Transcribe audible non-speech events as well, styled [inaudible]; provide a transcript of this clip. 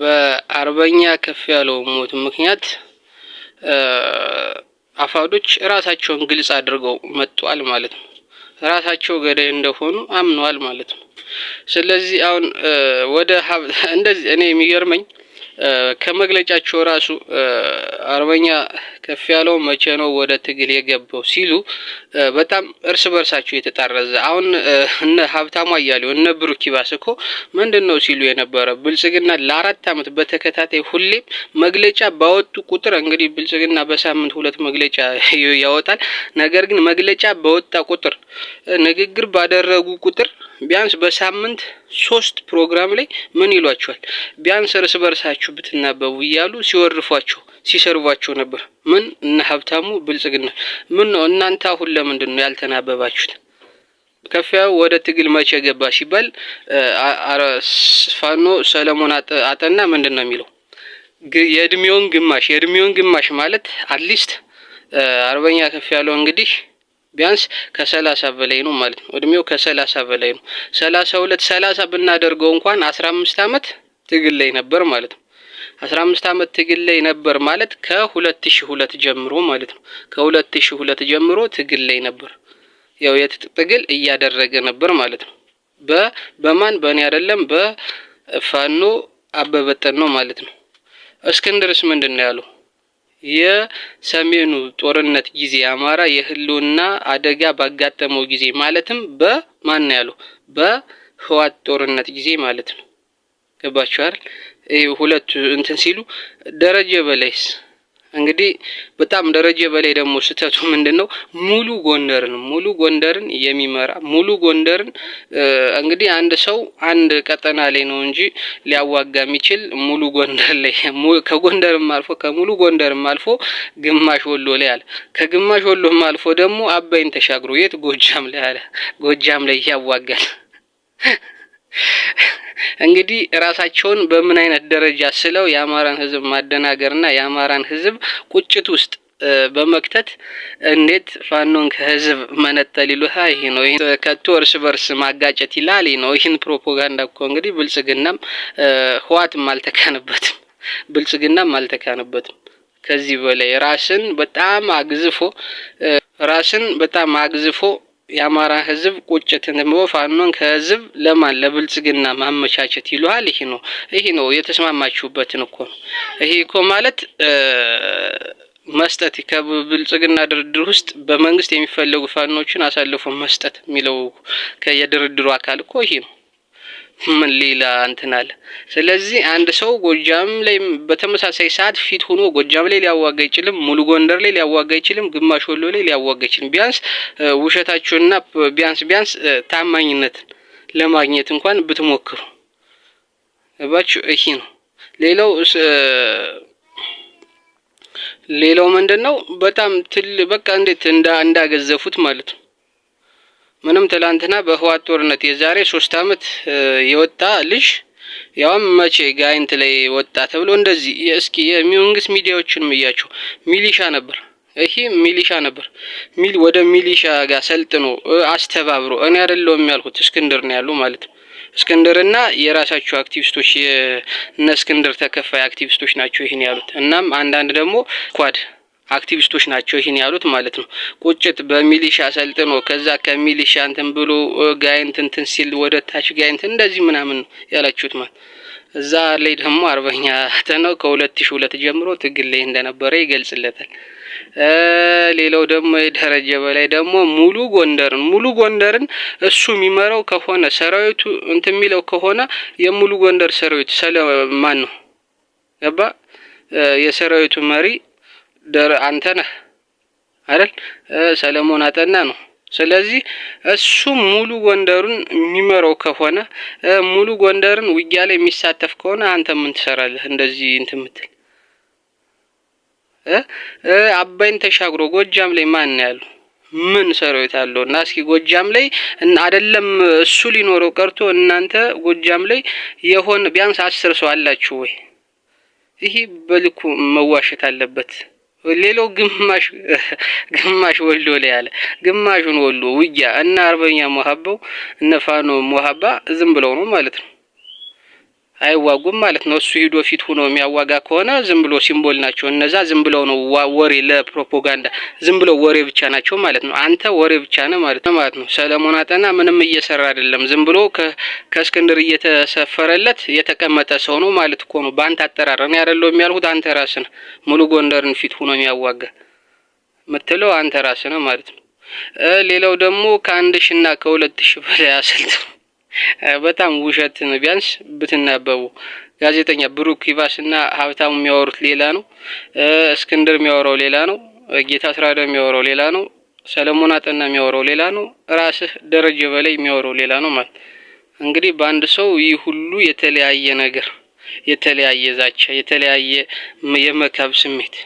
በአርበኛ ከፍ ያለው ሞት ምክንያት አፋዶች ራሳቸውን ግልጽ አድርገው መጥቷል ማለት ነው። ራሳቸው ገዳይ እንደሆኑ አምነዋል ማለት ነው። ስለዚህ አሁን ወደ [laughs] እንደዚህ እኔ የሚገርመኝ ከመግለጫቸው ራሱ አርበኛ ከፍ ያለው መቼ ነው ወደ ትግል የገባው ሲሉ በጣም እርስ በርሳቸው የተጣረዘ አሁን እነ ሀብታሙ አያሌው እነ ብሩክ ይባስ እኮ ምንድን ነው ሲሉ የነበረ ብልጽግና ለአራት ዓመት በተከታታይ ሁሌም መግለጫ ባወጡ ቁጥር እንግዲህ ብልጽግና በሳምንት ሁለት መግለጫ ያወጣል። ነገር ግን መግለጫ በወጣ ቁጥር ንግግር ባደረጉ ቁጥር ቢያንስ በሳምንት ሶስት ፕሮግራም ላይ ምን ይሏቸዋል? ቢያንስ እርስ በርሳችሁ ብትናበቡ እያሉ ሲወርፏቸው ሲሰርቧቸው ነበር። ምን እነ ሀብታሙ ብልጽግና ምን ነው እናንተ አሁን ለምንድን ነው ያልተናበባችሁት? ከፍያው ወደ ትግል መቼ ገባ ሲባል ፋኖ ሰለሞን አጠና ምንድን ነው የሚለው የእድሜውን ግማሽ የእድሜውን ግማሽ ማለት አትሊስት አርበኛ ያለው እንግዲህ ቢያንስ ከሰላሳ በላይ ነው ማለት ነው። እድሜው ከሰላሳ በላይ ነው። ሰላሳ ሁለት ሰላሳ ብናደርገው እንኳን አስራ አምስት አመት ትግል ላይ ነበር ማለት ነው። 15 አመት ትግል ላይ ነበር ማለት ከ2002 ጀምሮ ማለት ነው። ከ2002 ጀምሮ ትግል ላይ ነበር። ያው የትጥቅ ትግል እያደረገ ነበር ማለት ነው። በ በማን በእኔ አይደለም በፋኖ አበበጠን ነው ማለት ነው። እስክንድርስ ምንድን ነው ያለው? የሰሜኑ ጦርነት ጊዜ አማራ የህልውና አደጋ ባጋጠመው ጊዜ ማለትም በማን ነው ያለው? በህዋት ጦርነት ጊዜ ማለት ነው። ገባችሁ ሁለቱ እንትን ሲሉ ደረጀ በላይስ እንግዲህ በጣም ደረጀ በላይ ደግሞ ስህተቱ ምንድን ነው? ሙሉ ጎንደርን ሙሉ ጎንደርን የሚመራ ሙሉ ጎንደርን እንግዲህ አንድ ሰው አንድ ቀጠና ላይ ነው እንጂ ሊያዋጋ የሚችል ሙሉ ጎንደር ላይ [laughs] ከጎንደርም አልፎ ከሙሉ ጎንደርም አልፎ ግማሽ ወሎ ላይ አለ። ከግማሽ ወሎም አልፎ ደግሞ አባይን ተሻግሮ የት ጎጃም ላይ አለ። ጎጃም ላይ ያዋጋል። እንግዲህ ራሳቸውን በምን አይነት ደረጃ ስለው የአማራን ህዝብ ማደናገርና የአማራን ህዝብ ቁጭት ውስጥ በመክተት እንዴት ፋኖን ከህዝብ መነጠል ይሉሃ ይህ ነው። ይህ ከቶ እርስ በርስ ማጋጨት ይላል ይህ ነው። ይህን ፕሮፓጋንዳ እኮ እንግዲህ ብልጽግናም ህዋትም አልተካንበትም፣ ብልጽግናም አልተካንበትም። ከዚህ በላይ ራስን በጣም አግዝፎ ራስን በጣም አግዝፎ የአማራ ህዝብ ቁጭትን ፋኖን ከህዝብ ለማን ለብልጽግና ማመቻቸት ይሉሃል። ይሄ ነው ይሄ ነው የተስማማችሁበትን እኮ ነው። ይሄ እኮ ማለት መስጠት ከብልጽግና ድርድር ውስጥ በመንግስት የሚፈለጉ ፋኖችን አሳልፎ መስጠት የሚለው የድርድሩ አካል እኮ ይሄ ነው። ምን ሌላ እንትን አለ። ስለዚህ አንድ ሰው ጎጃም ላይ በተመሳሳይ ሰዓት ፊት ሆኖ ጎጃም ላይ ሊያዋጋ አይችልም፣ ሙሉ ጎንደር ላይ ሊያዋጋ አይችልም፣ ግማሽ ወሎ ላይ ሊያዋጋ አይችልም። ቢያንስ ውሸታችሁንና ቢያንስ ቢያንስ ታማኝነትን ለማግኘት እንኳን ብትሞክሩ እባችሁ ይሄ ነው። ሌላው ሌላው ምንድን ነው በጣም ትል በቃ እንዴት እንዳገዘፉት ማለት ነው። ምንም ትላንትና በህዋት ጦርነት የዛሬ ሶስት አመት የወጣ ልጅ ያውም መቼ ጋይንት ላይ ወጣ ተብሎ እንደዚህ እስኪ የመንግስት ሚዲያዎችን እያቸው ሚሊሻ ነበር። ይሄ ሚሊሻ ነበር። ሚል ወደ ሚሊሻ ጋር ሰልጥኖ አስተባብሮ እኔ አይደለሁም ያልኩት እስክንድር ነው ያሉ ማለት ነው። እስክንድርና የራሳቸው አክቲቪስቶች የእነ እስክንድር ተከፋይ አክቲቪስቶች ናቸው ይህን ያሉት። እናም አንዳንድ ደግሞ ኳድ አክቲቪስቶች ናቸው ይህን ያሉት ማለት ነው። ቁጭት በሚሊሻ ሰልጥኖ ከዛ ከሚሊሻ እንትን ብሎ ጋይንት እንትን ሲል ወደ ታች ጋይንት እንደዚህ ምናምን ነው ያላችሁት ማለት እዛ ላይ ደግሞ አርበኛ ተነው ከሁለት ሺ ሁለት ጀምሮ ትግል ላይ እንደነበረ ይገልጽለታል። ሌላው ደግሞ የደረጀ በላይ ደግሞ ሙሉ ጎንደርን ሙሉ ጎንደርን እሱ የሚመራው ከሆነ ሰራዊቱ እንትን የሚለው ከሆነ የሙሉ ጎንደር ሰራዊት ሰለማን ነው ገባ የሰራዊቱ መሪ አንተ ነህ አይደል? ሰለሞን አጠና ነው። ስለዚህ እሱ ሙሉ ጎንደሩን የሚመራው ከሆነ ሙሉ ጎንደርን ውጊያ ላይ የሚሳተፍ ከሆነ አንተ ምን ትሰራለህ? እንደዚህ እንትን ምትል አባይን ተሻግሮ ጎጃም ላይ ማን ያሉ ምን ሰራዊት አለው? እና እስኪ ጎጃም ላይ አይደለም እሱ ሊኖረው ቀርቶ እናንተ ጎጃም ላይ የሆነ ቢያንስ አስር ሰው አላችሁ ወይ? ይሄ በልኩ መዋሸት አለበት። ሌላው ግማሽ [laughs] ግማሽ ወሎ ላይ ያለ ግማሹን ወሎ ውጊያ እና አርበኛ ሞሀባው እነ ፋኖ ሞሀባ ዝም ብለው ነው ማለት ነው። አይዋጉም ማለት ነው። እሱ ሂዶ ፊት ሆኖ የሚያዋጋ ከሆነ ዝም ብሎ ሲምቦል ናቸው እነዛ። ዝም ብለው ነው ወሬ ለፕሮፓጋንዳ፣ ዝም ብለው ወሬ ብቻ ናቸው ማለት ነው። አንተ ወሬ ብቻ ነህ ማለት ነው ማለት ነው። ሰለሞን አጠና ምንም እየሰራ አይደለም። ዝም ብሎ ከእስክንድር እየተሰፈረለት የተቀመጠ ሰው ነው ማለት እኮ ነው። በአንተ አጠራር ነው ያደለው የሚያልኩት አንተ ራስ ነህ። ሙሉ ጎንደርን ፊት ሆኖ የሚያዋጋ ምትለው አንተ ራስ ነህ ማለት ነው። ሌላው ደግሞ ከአንድ ሺ እና ከሁለት ሺ በላይ አሰልጥ በጣም ውሸት ነው። ቢያንስ ብትናበቡ ጋዜጠኛ ብሩክ ይባስ እና ሀብታሙ የሚያወሩት ሌላ ነው። እስክንድር የሚያወራው ሌላ ነው። ጌታ አስራደ የሚያወራው ሌላ ነው። ሰለሞን አጠና የሚያወራው ሌላ ነው። ራስህ ደረጀ በላይ የሚያወራው ሌላ ነው ማለት እንግዲህ በአንድ ሰው ይህ ሁሉ የተለያየ ነገር የተለያየ ዛቻ የተለያየ የመካብ ስሜት